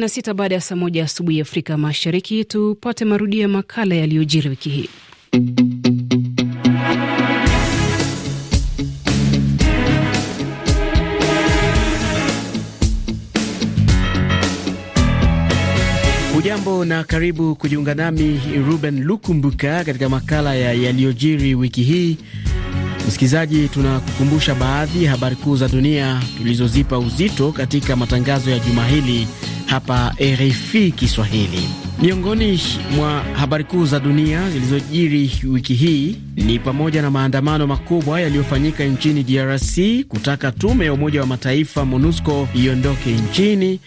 na sita baada ya saa moja asubuhi Afrika Mashariki, tupate marudio ya makala yaliyojiri wiki hii. Jambo na karibu kujiunga nami Ruben Lukumbuka katika makala ya yaliyojiri wiki hii. Msikilizaji, tunakukumbusha baadhi ya habari kuu za dunia tulizozipa uzito katika matangazo ya juma hili hapa RFI Kiswahili. Miongoni mwa habari kuu za dunia zilizojiri wiki hii ni pamoja na maandamano makubwa yaliyofanyika nchini DRC kutaka tume ya Umoja wa Mataifa MONUSCO iondoke nchini,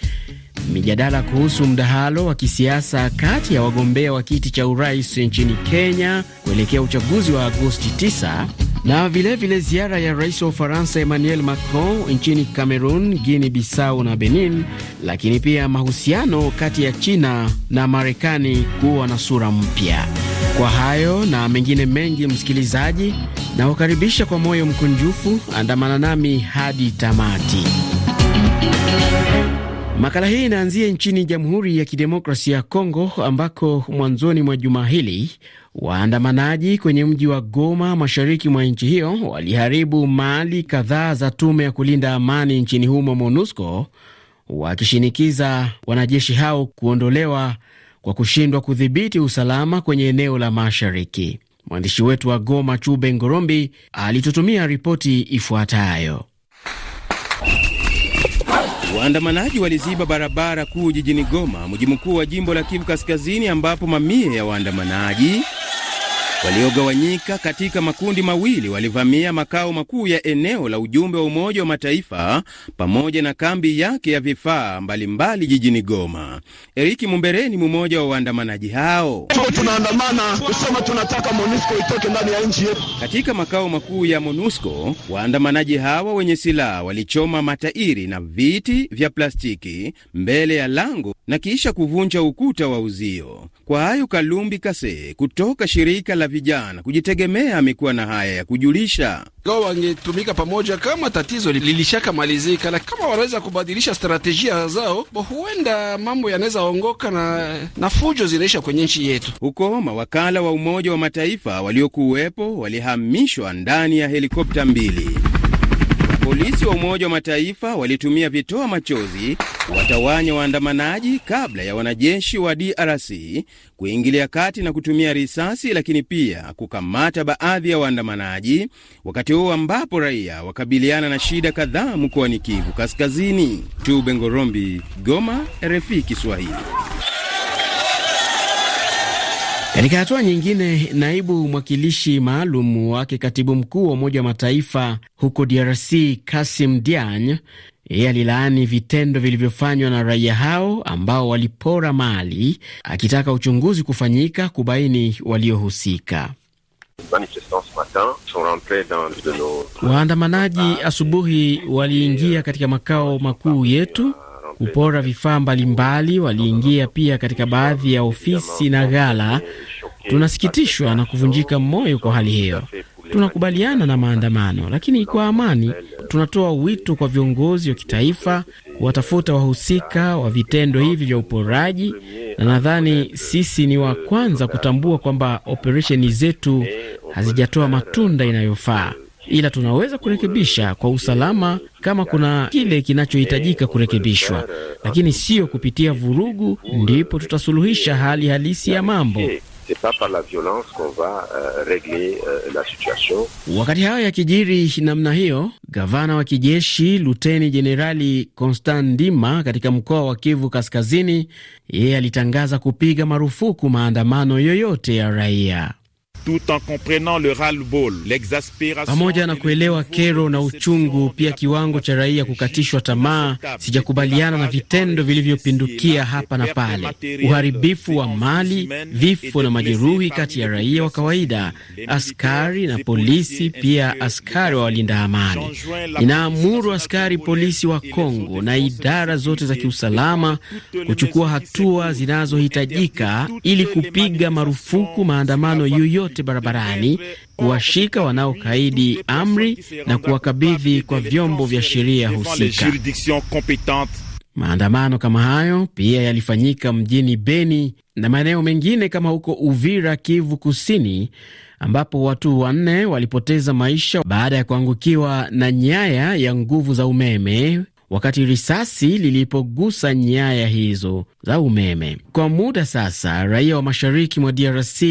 mijadala kuhusu mdahalo wa kisiasa kati ya wagombea wa kiti cha urais nchini Kenya kuelekea uchaguzi wa Agosti 9 na vilevile vile ziara ya rais wa Ufaransa Emmanuel Macron nchini Cameroon, Guinea Bissau na Benin, lakini pia mahusiano kati ya China na Marekani kuwa na sura mpya. Kwa hayo na mengine mengi, msikilizaji, nawakaribisha kwa moyo mkunjufu, andamana nami hadi tamati. Makala hii inaanzia nchini Jamhuri ya Kidemokrasia ya Kongo ambako mwanzoni mwa juma hili waandamanaji kwenye mji wa Goma mashariki mwa nchi hiyo waliharibu mali kadhaa za tume ya kulinda amani nchini humo MONUSCO, wakishinikiza wanajeshi hao kuondolewa kwa kushindwa kudhibiti usalama kwenye eneo la mashariki. Mwandishi wetu wa Goma Chube Ngorombi alitutumia ripoti ifuatayo. Waandamanaji waliziba barabara kuu jijini Goma, mji mkuu wa jimbo la Kivu Kaskazini, ambapo mamia ya waandamanaji waliogawanyika katika makundi mawili walivamia makao makuu ya eneo la ujumbe wa Umoja wa Mataifa pamoja na kambi yake ya vifaa mbalimbali jijini Goma. Eriki Mumbere ni mmoja wa waandamanaji hao. Tunaandamana kusema tunataka MONUSCO itoke ndani ya nchi yetu. Katika makao makuu ya MONUSCO, waandamanaji hawa wenye silaha walichoma matairi na viti vya plastiki mbele ya lango na kisha kuvunja ukuta wa uzio. Kwa hayo Kalumbi Kase kutoka shirika la na vijana kujitegemea amekuwa na haya ya kujulisha. kwa wangetumika pamoja kama tatizo lilishakamalizika, lakini kama wanaweza kubadilisha strategia zao, huenda mambo yanaweza ongoka na, na fujo zinaisha kwenye nchi yetu. Huko mawakala wa Umoja wa Mataifa waliokuwepo walihamishwa ndani ya helikopta mbili. Polisi wa Umoja wa Mataifa walitumia vitoa machozi watawanya waandamanaji kabla ya wanajeshi wa DRC kuingilia kati na kutumia risasi, lakini pia kukamata baadhi ya waandamanaji, wakati huo ambapo raia wakabiliana na shida kadhaa mkoani Kivu Kaskazini. Tube Ngorombi, Goma, RFI Kiswahili. Katika hatua nyingine, naibu mwakilishi maalum wake katibu mkuu wa Umoja wa Mataifa huko DRC Kasim Diagne, yeye alilaani vitendo vilivyofanywa na raia hao ambao walipora mali, akitaka uchunguzi kufanyika kubaini waliohusika. Waandamanaji asubuhi waliingia katika makao makuu yetu kupora vifaa mbalimbali. Waliingia pia katika baadhi ya ofisi na ghala. Tunasikitishwa na kuvunjika moyo kwa hali hiyo. Tunakubaliana na maandamano, lakini kwa amani. Tunatoa wito kwa viongozi wa kitaifa kuwatafuta wahusika wa vitendo hivi vya uporaji, na nadhani sisi ni wa kwanza kutambua kwamba operesheni zetu hazijatoa matunda inayofaa ila tunaweza kurekebisha kwa usalama kama kuna kile kinachohitajika kurekebishwa, lakini sio kupitia vurugu. Ndipo tutasuluhisha hali halisi ya mambo. Wakati hayo yakijiri namna hiyo, gavana wa kijeshi luteni jenerali Constant Ndima katika mkoa wa Kivu Kaskazini, yeye alitangaza kupiga marufuku maandamano yoyote ya raia. Pamoja na kuelewa kero na uchungu, pia kiwango cha raia kukatishwa tamaa. Sijakubaliana na vitendo vilivyopindukia hapa na pale, uharibifu wa mali, vifo na majeruhi kati ya raia wa kawaida, askari na polisi, pia askari wa walinda amani. Ninaamuru askari polisi wa Kongo na idara zote za kiusalama kuchukua hatua zinazohitajika ili kupiga marufuku maandamano yoyote yoyote barabarani, kuwashika wanaokaidi amri na kuwakabidhi kwa vyombo vya sheria husika. Maandamano kama hayo pia yalifanyika mjini Beni na maeneo mengine kama huko Uvira, Kivu Kusini, ambapo watu wanne walipoteza maisha baada ya kuangukiwa na nyaya ya nguvu za umeme wakati risasi lilipogusa nyaya hizo za umeme. Kwa muda sasa, raia wa mashariki mwa DRC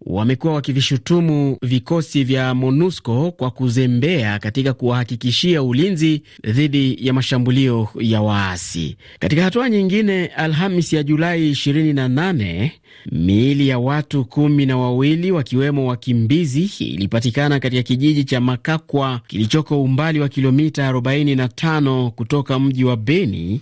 wamekuwa wakivishutumu vikosi vya MONUSCO kwa kuzembea katika kuwahakikishia ulinzi dhidi ya mashambulio ya waasi. Katika hatua nyingine, Alhamis ya Julai 28 miili ya watu kumi na wawili wakiwemo wakimbizi ilipatikana katika kijiji cha Makakwa kilichoko umbali wa kilomita 45 kutoka mji wa Beni,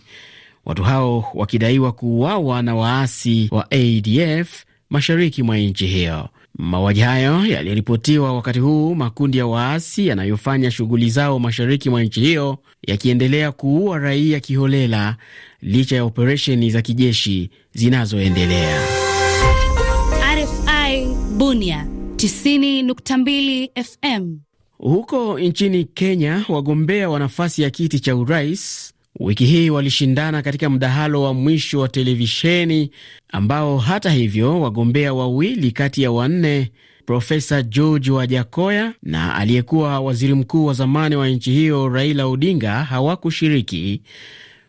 watu hao wakidaiwa kuuawa na waasi wa ADF mashariki mwa nchi hiyo. Mauaji hayo yaliripotiwa wakati huu makundi ya waasi yanayofanya shughuli zao mashariki mwa nchi hiyo yakiendelea kuua raia kiholela licha ya operesheni za kijeshi zinazoendelea. RFI Bunia 90.2 FM. Huko nchini Kenya, wagombea wa nafasi ya kiti cha urais wiki hii walishindana katika mdahalo wa mwisho wa televisheni ambao hata hivyo wagombea wawili kati ya wanne, Profesa George Wajakoya na aliyekuwa waziri mkuu wa zamani wa nchi hiyo Raila Odinga hawakushiriki,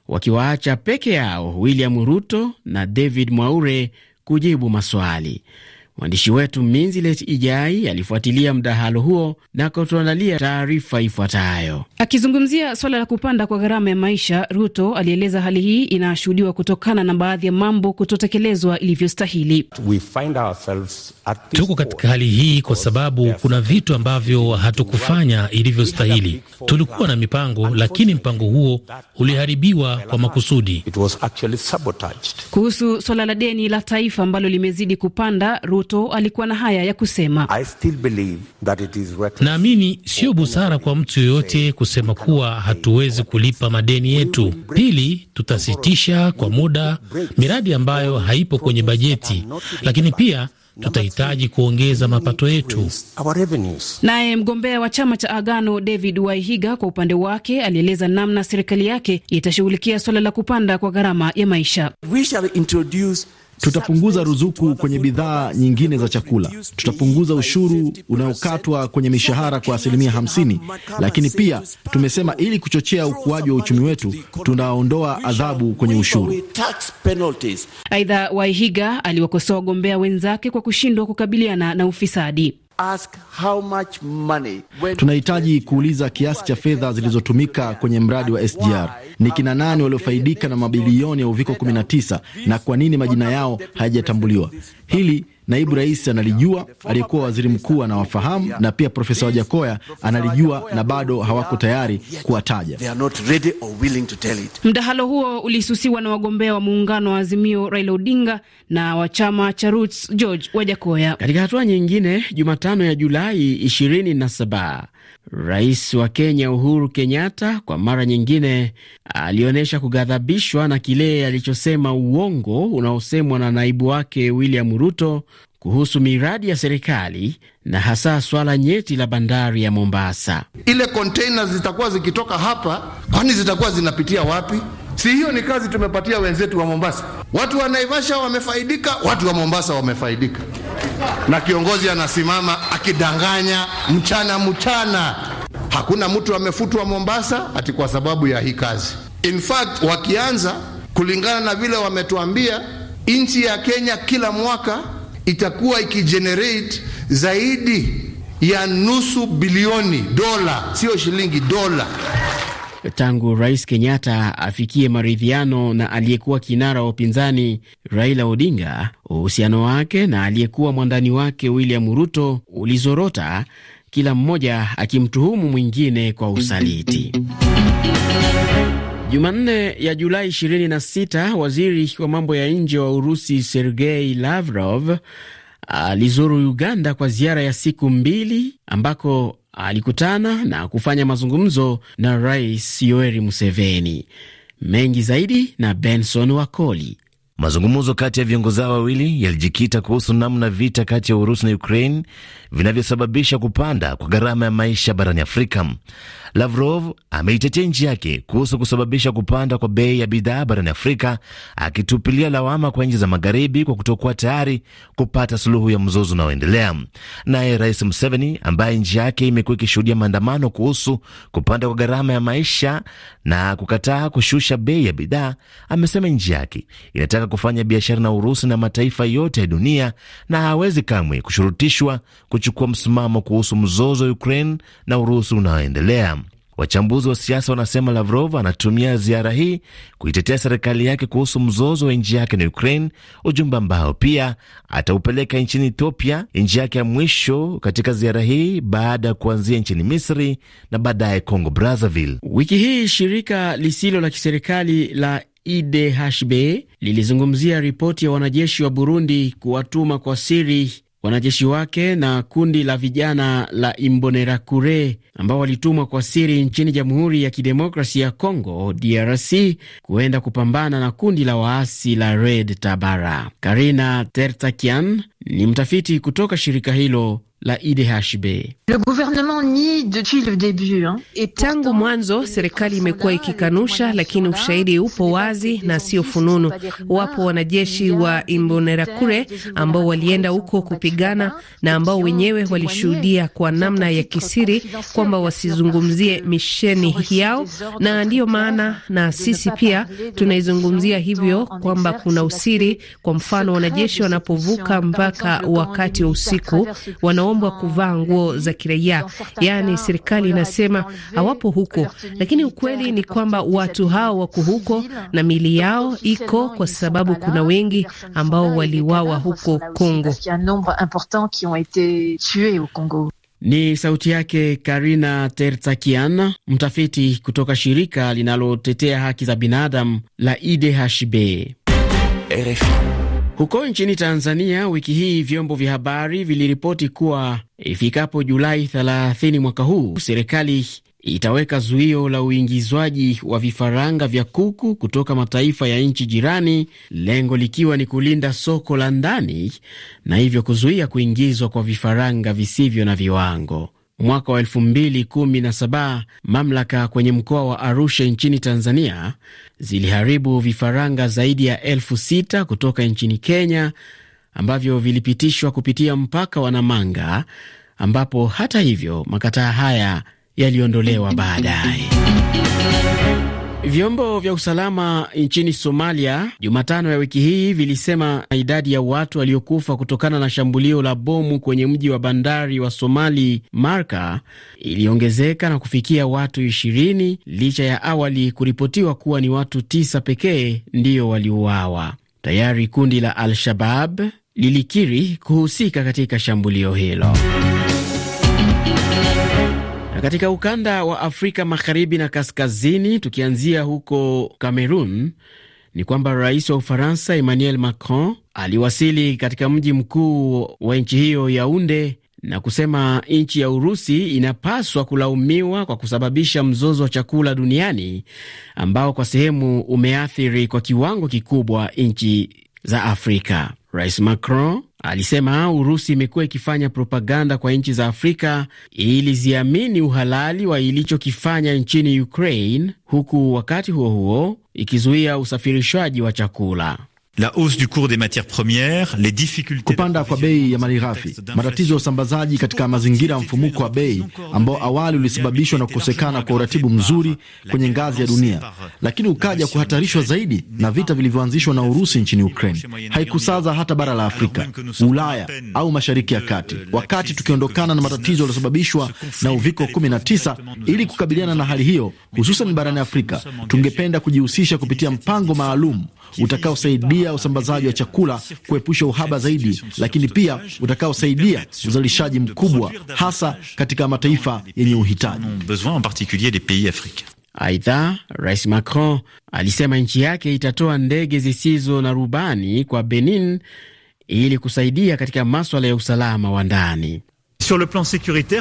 wakiwaacha peke yao William Ruto na David Mwaure kujibu maswali. Mwandishi wetu Minzilet Ijai alifuatilia mdahalo huo na kutuandalia taarifa ifuatayo. Akizungumzia suala la kupanda kwa gharama ya maisha, Ruto alieleza hali hii inashuhudiwa kutokana na baadhi ya mambo kutotekelezwa ilivyostahili. Tuko katika hali hii kwa sababu kuna vitu ambavyo hatukufanya ilivyostahili. Tulikuwa na mipango, lakini mpango huo uliharibiwa kwa makusudi. Kuhusu suala la deni la taifa ambalo limezidi kupanda, Ruto Ruto alikuwa na haya ya kusema: naamini sio busara kwa mtu yoyote kusema kuwa hatuwezi kulipa madeni yetu. Pili, tutasitisha kwa muda miradi ambayo haipo kwenye bajeti, lakini pia tutahitaji kuongeza mapato yetu. Naye mgombea wa chama cha Agano David Waihiga kwa upande wake alieleza namna serikali yake itashughulikia suala la kupanda kwa gharama ya maisha. We shall introduce Tutapunguza ruzuku kwenye bidhaa nyingine za chakula. Tutapunguza ushuru unaokatwa kwenye mishahara kwa asilimia 50. Lakini pia tumesema, ili kuchochea ukuaji wa uchumi wetu, tunaondoa adhabu kwenye ushuru. Aidha, Waihiga aliwakosoa wagombea wenzake kwa kushindwa kukabiliana na ufisadi. Tunahitaji kuuliza kiasi cha fedha zilizotumika kwenye mradi wa SGR. Ni kina nani waliofaidika na mabilioni ya uviko 19 na kwa nini majina yao hayajatambuliwa? Hili Naibu rais analijua, aliyekuwa waziri mkuu anawafahamu, na pia Profesa Wajakoya analijua na bado hawako tayari kuwataja. Mdahalo huo ulisusiwa na wagombea wa muungano wa Azimio Raila Odinga na wa chama cha Roots George Wajakoya. Katika hatua nyingine, Jumatano ya Julai 27 Rais wa Kenya Uhuru Kenyatta kwa mara nyingine alionyesha kughadhabishwa na kile alichosema uongo unaosemwa na naibu wake William Ruto kuhusu miradi ya serikali na hasa swala nyeti la bandari ya Mombasa. Ile kontena zitakuwa zikitoka hapa, kwani zitakuwa zinapitia wapi? Si hiyo ni kazi tumepatia wenzetu wa Mombasa. Watu wa Naivasha wamefaidika, watu wa Mombasa wamefaidika, na kiongozi anasimama akidanganya mchana mchana. Hakuna mtu amefutwa Mombasa ati kwa sababu ya hii kazi. In fact, wakianza kulingana na vile wametuambia, nchi ya Kenya kila mwaka itakuwa ikigenerate zaidi ya nusu bilioni dola, sio shilingi, dola tangu Rais Kenyatta afikie maridhiano na aliyekuwa kinara wa upinzani Raila Odinga, uhusiano wake na aliyekuwa mwandani wake William Ruto ulizorota, kila mmoja akimtuhumu mwingine kwa usaliti. Jumanne ya Julai 26 waziri wa mambo ya nje wa Urusi Sergei Lavrov alizuru Uganda kwa ziara ya siku mbili ambako alikutana na kufanya mazungumzo na Rais Yoweri Museveni. Mengi zaidi na Benson Wakoli. Mazungumzo kati ya viongozi hao wawili yalijikita kuhusu namna vita kati ya Urusi na Ukraine vinavyosababisha kupanda kwa gharama ya maisha barani Afrika. Lavrov ameitetea nchi yake kuhusu kusababisha kupanda kwa bei ya bidhaa barani Afrika, akitupilia lawama kwa nchi za Magharibi kwa kutokuwa tayari kupata suluhu ya mzozo unaoendelea. Naye Rais Museveni, ambaye nchi yake imekuwa ikishuhudia maandamano kuhusu kupanda kwa gharama ya maisha na kukataa kushusha bei ya bidhaa, amesema nchi yake inataka kufanya biashara na Urusi na mataifa yote ya dunia na hawezi kamwe kushurutishwa kuchukua msimamo kuhusu mzozo wa Ukraine na Urusi unaoendelea. Wachambuzi wa siasa wanasema Lavrov anatumia ziara hii kuitetea serikali yake kuhusu mzozo wa nchi yake na Ukraine, ujumbe ambao pia ataupeleka nchini Ethiopia, nchi yake ya mwisho katika ziara hii, baada ya kuanzia nchini Misri na baadaye Congo Brazzaville. Wiki hii shirika lisilo la kiserikali la IDHB lilizungumzia ripoti ya wanajeshi wa Burundi kuwatuma kwa siri wanajeshi wake na kundi la vijana la Imbonerakure ambao walitumwa kwa siri nchini Jamhuri ya kidemokrasi ya congo DRC kuenda kupambana na kundi la waasi la Red Tabara. Karina Tertakian ni mtafiti kutoka shirika hilo la IDHB. Tangu mwanzo serikali imekuwa ikikanusha, lakini ushahidi upo wazi na sio fununu. Wapo wanajeshi wa Imbonerakure ambao walienda huko kupigana na ambao wenyewe walishuhudia kwa namna ya kisiri kwamba wasizungumzie misheni yao, na ndiyo maana na sisi pia tunaizungumzia hivyo kwamba kuna usiri. Kwa mfano, wanajeshi wanapovuka mpaka wakati wa usiku wana wanaombwa ah, kuvaa nguo za kiraia. Yaani serikali inasema hawapo huko, lakini ukweli ni kwamba watu hao wako huko na mili yao iko, kwa sababu kuna wengi ambao waliwawa huko Kongo. Ni sauti yake Karina Tertakian, mtafiti kutoka shirika linalotetea haki za binadamu la IDHB. RFI. Huko nchini Tanzania, wiki hii vyombo vya habari viliripoti kuwa ifikapo Julai 30 mwaka huu serikali itaweka zuio la uingizwaji wa vifaranga vya kuku kutoka mataifa ya nchi jirani, lengo likiwa ni kulinda soko la ndani na hivyo kuzuia kuingizwa kwa vifaranga visivyo na viwango. Mwaka wa 2017 mamlaka kwenye mkoa wa Arusha nchini Tanzania ziliharibu vifaranga zaidi ya elfu sita kutoka nchini Kenya ambavyo vilipitishwa kupitia mpaka wa Namanga, ambapo hata hivyo makataa haya yaliondolewa baadaye. Vyombo vya usalama nchini Somalia Jumatano ya wiki hii vilisema idadi ya watu waliokufa kutokana na shambulio la bomu kwenye mji wa bandari wa Somali Marka iliongezeka na kufikia watu 20 licha ya awali kuripotiwa kuwa ni watu tisa pekee ndiyo waliuawa. Tayari kundi la Al-Shabab lilikiri kuhusika katika shambulio hilo katika ukanda wa Afrika magharibi na kaskazini, tukianzia huko Cameroon, ni kwamba rais wa Ufaransa Emmanuel Macron aliwasili katika mji mkuu wa nchi hiyo Yaunde na kusema nchi ya Urusi inapaswa kulaumiwa kwa kusababisha mzozo wa chakula duniani ambao kwa sehemu umeathiri kwa kiwango kikubwa nchi za Afrika. Rais Macron Alisema Urusi imekuwa ikifanya propaganda kwa nchi za Afrika ili ziamini uhalali wa ilichokifanya nchini Ukraine, huku wakati huo huo ikizuia usafirishaji wa chakula. La hausse du cours des matières premières, les difficultés kupanda kwa bei ya malighafi, matatizo ya usambazaji katika mazingira ya mfumuko wa bei ambao awali ulisababishwa na kukosekana kwa uratibu mzuri kwenye ngazi ya dunia, lakini ukaja kuhatarishwa zaidi na vita vilivyoanzishwa na Urusi nchini Ukraine. Haikusaza hata bara la Afrika, Ulaya au Mashariki ya Kati, wakati tukiondokana na matatizo yaliyosababishwa na uviko 19. Ili kukabiliana na hali hiyo, hususan barani Afrika, tungependa kujihusisha kupitia mpango maalum utakaosaidia usambazaji wa chakula, kuepusha uhaba zaidi, lakini pia utakaosaidia uzalishaji mkubwa, hasa katika mataifa yenye uhitaji. Aidha, Rais Macron alisema nchi yake itatoa ndege zisizo na rubani kwa Benin ili kusaidia katika maswala ya usalama wa ndani. Sur le plan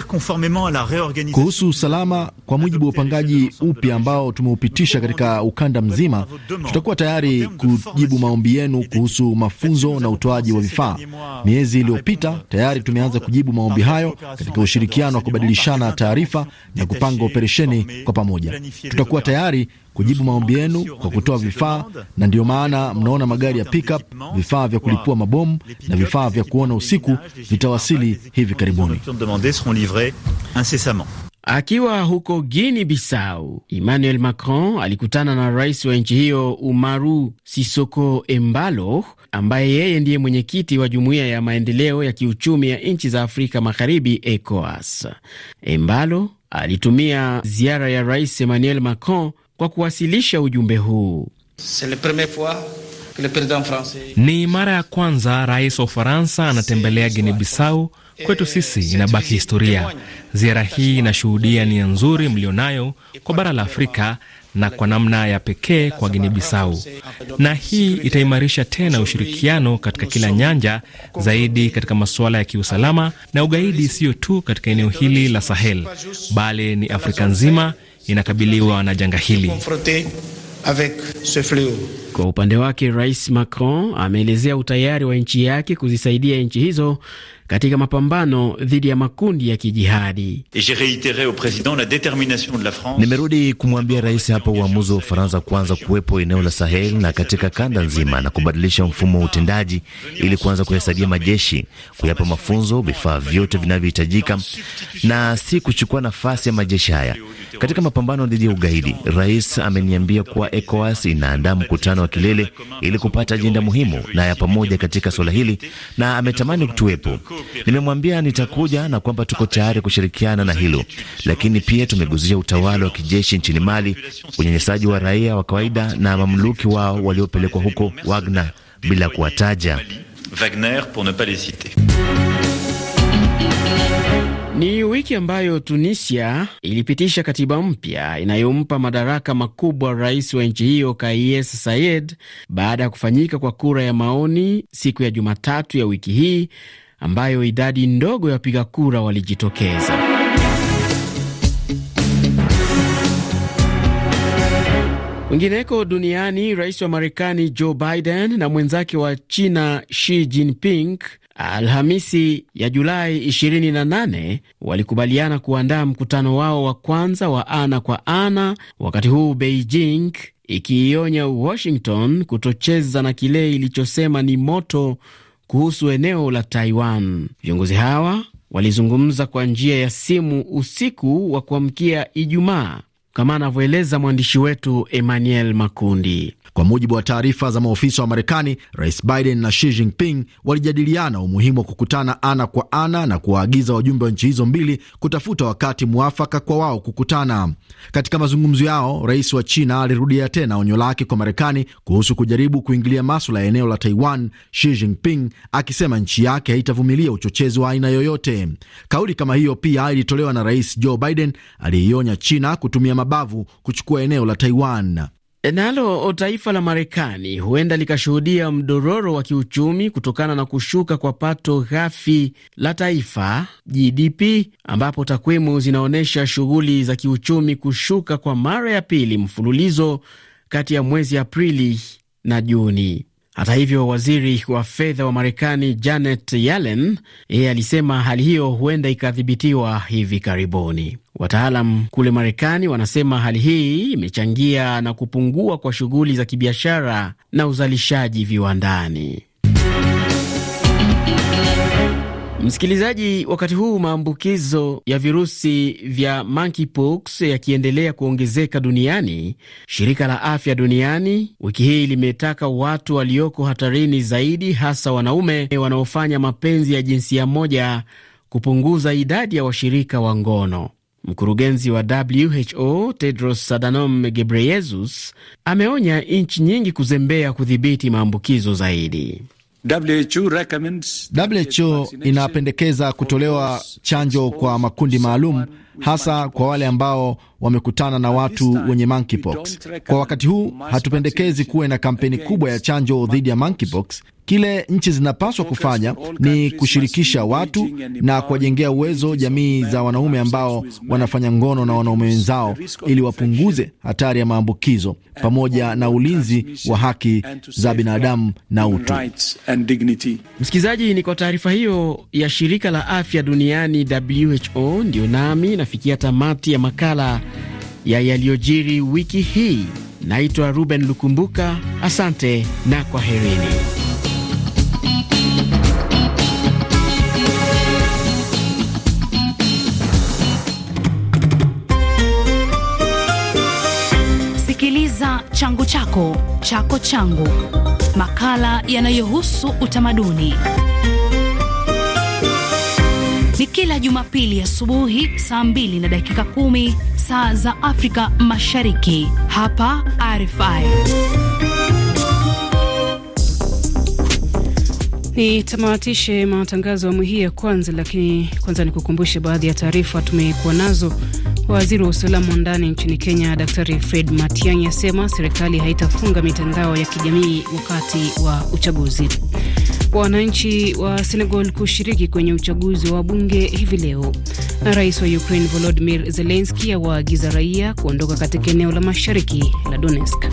conformément à la Kuhusu usalama, kwa mujibu wa upangaji upya ambao tumeupitisha katika ukanda mzima, tutakuwa tayari kujibu maombi yenu kuhusu mafunzo na utoaji wa vifaa. Miezi iliyopita tayari tumeanza kujibu maombi hayo katika ushirikiano wa kubadilishana taarifa na kupanga operesheni kwa pamoja. Tutakuwa tayari kujibu maombi yenu kwa kutoa vifaa, na ndiyo maana mnaona magari ya pickup, vifaa vya kulipua mabomu na vifaa vya kuona usiku vitawasili hivi karibuni. Akiwa huko Guinea Bissau, Emmanuel Macron alikutana na rais wa nchi hiyo Umaru Sisoko Embalo, ambaye yeye ndiye mwenyekiti wa jumuiya ya maendeleo ya kiuchumi ya nchi za Afrika Magharibi, ECOWAS. Embalo alitumia ziara ya rais Emmanuel Macron kwa kuwasilisha ujumbe huu. Ni mara ya kwanza rais wa Ufaransa anatembelea Guinea Bissau. Kwetu sisi inabaki historia. Ziara hii inashuhudia nia nzuri mlionayo kwa bara la Afrika na kwa namna ya pekee kwa Guinea Bissau, na hii itaimarisha tena ushirikiano katika kila nyanja, zaidi katika masuala ya kiusalama na ugaidi, siyo tu katika eneo hili la Sahel, bali ni Afrika nzima inakabiliwa na janga hili. Kwa upande wake, Rais Macron ameelezea utayari wa nchi yake kuzisaidia nchi hizo katika mapambano dhidi ya makundi ya kijihadi. Nimerudi kumwambia rais hapa uamuzi wa Ufaransa kuanza kuwepo eneo la Sahel na katika kanda nzima na kubadilisha mfumo wa utendaji ili kuanza kuyasaidia majeshi, kuyapa mafunzo, vifaa vyote vinavyohitajika na si kuchukua nafasi ya majeshi haya katika mapambano dhidi ya ugaidi. Rais ameniambia kuwa ECOWAS inaandaa mkutano wa kilele ili kupata ajenda muhimu na ya pamoja katika suala hili, na ametamani tuwepo Nimemwambia nitakuja na kwamba tuko tayari kushirikiana na hilo, lakini pia tumeguzia utawala wa kijeshi nchini Mali, unyanyasaji wa raia wa kawaida na mamluki wao waliopelekwa huko Wagner, bila kuwataja. Ni wiki ambayo Tunisia ilipitisha katiba mpya inayompa madaraka makubwa rais wa nchi hiyo Kais Saied baada ya kufanyika kwa kura ya maoni siku ya Jumatatu ya wiki hii ambayo idadi ndogo ya wapiga kura walijitokeza. Kwingineko duniani, rais wa Marekani Joe Biden na mwenzake wa China Xi Jinping Alhamisi ya Julai 28 walikubaliana kuandaa mkutano wao wa kwanza wa ana kwa ana, wakati huu Beijing ikiionya Washington kutocheza na kile ilichosema ni moto kuhusu eneo la Taiwan. Viongozi hawa walizungumza kwa njia ya simu usiku wa kuamkia Ijumaa, kama anavyoeleza mwandishi wetu Emmanuel Makundi. Kwa mujibu wa taarifa za maofisa wa Marekani, Rais Biden na Xi Jinping walijadiliana umuhimu wa kukutana ana kwa ana na kuwaagiza wajumbe wa nchi hizo mbili kutafuta wakati mwafaka kwa wao kukutana. Katika mazungumzo yao, rais wa China alirudia tena onyo lake kwa Marekani kuhusu kujaribu kuingilia maswala ya eneo la Taiwan, Xi Jinping akisema nchi yake haitavumilia uchochezi wa aina yoyote. Kauli kama hiyo pia ilitolewa na Rais Joe Biden aliyeionya China kutumia mabavu kuchukua eneo la Taiwan. Nalo taifa la Marekani huenda likashuhudia mdororo wa kiuchumi kutokana na kushuka kwa pato ghafi la taifa GDP, ambapo takwimu zinaonyesha shughuli za kiuchumi kushuka kwa mara ya pili mfululizo kati ya mwezi Aprili na Juni. Hata hivyo, waziri wa fedha wa Marekani Janet Yellen yeye alisema hali hiyo huenda ikadhibitiwa hivi karibuni. Wataalam kule Marekani wanasema hali hii imechangia na kupungua kwa shughuli za kibiashara na uzalishaji viwandani. Msikilizaji, wakati huu maambukizo ya virusi vya monkeypox yakiendelea kuongezeka duniani, shirika la afya duniani wiki hii limetaka watu walioko hatarini zaidi, hasa wanaume wanaofanya mapenzi ya jinsia moja, kupunguza idadi ya washirika wa ngono. Mkurugenzi wa WHO Tedros Adhanom Ghebreyesus ameonya nchi nyingi kuzembea kudhibiti maambukizo zaidi. WHO inapendekeza kutolewa chanjo kwa makundi maalum, hasa kwa wale ambao wamekutana na watu wenye monkeypox. Kwa wakati huu hatupendekezi kuwe na kampeni kubwa ya chanjo dhidi ya monkeypox. Kile nchi zinapaswa kufanya ni kushirikisha watu na kuwajengea uwezo jamii za wanaume ambao wanafanya ngono na wanaume wenzao ili wapunguze hatari ya maambukizo pamoja na ulinzi wa haki za binadamu na utu. Msikilizaji, ni kwa taarifa hiyo ya shirika la afya duniani WHO, ndio nami nafikia tamati ya makala ya yaliyojiri wiki hii. Naitwa Ruben Lukumbuka, asante na kwaherini. Changu chako chako changu, makala yanayohusu utamaduni ni kila Jumapili asubuhi saa 2 na dakika 1 saa za Afrika Mashariki. Hapa RFI. Ni tamatishe matangazo awamu hii ya kwanza, lakini kwanza ni kukumbushe baadhi ya taarifa tumekuwa nazo. Waziri wa usalama wa ndani nchini Kenya Daktari Fred Matiang'i asema serikali haitafunga mitandao ya kijamii wakati wa uchaguzi kwa wananchi wa Senegal kushiriki kwenye uchaguzi wa bunge hivi leo. Na rais wa Ukraine volodimir zelenski awaagiza raia kuondoka katika eneo la mashariki la Donetsk.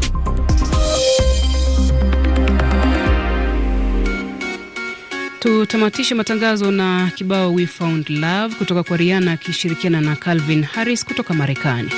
Tutamatishe matangazo na kibao We Found Love kutoka kwa Rihanna akishirikiana na Calvin Harris kutoka Marekani.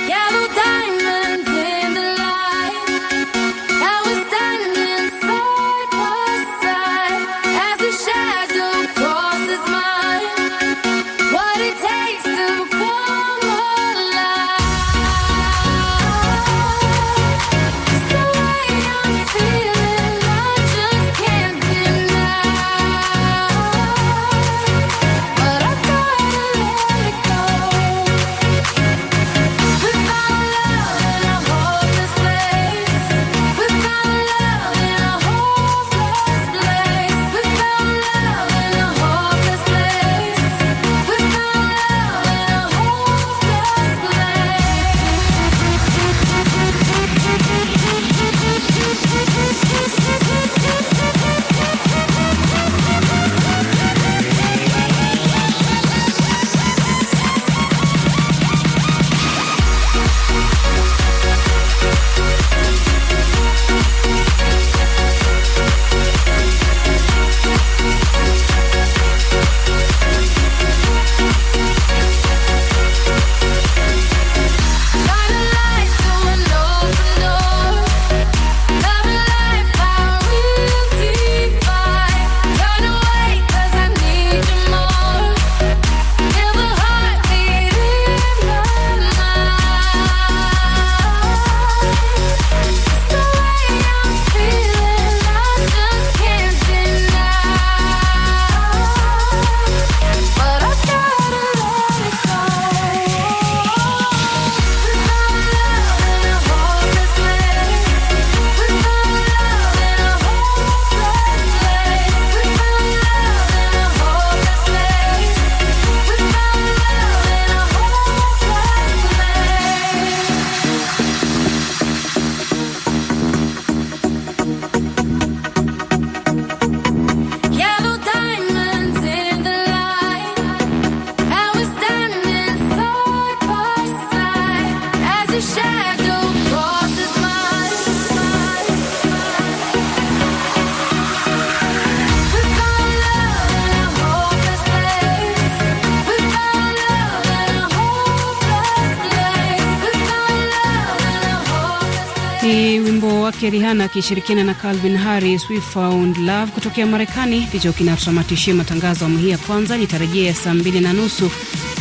Rihanna akishirikiana na Calvin Harris We Found Love kutokea Marekani. Ndicho kinatamatishia matangazo awamu hii ya kwanza. Nitarejea saa mbili na nusu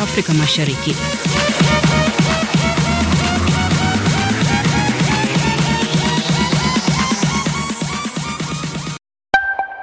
Afrika Mashariki.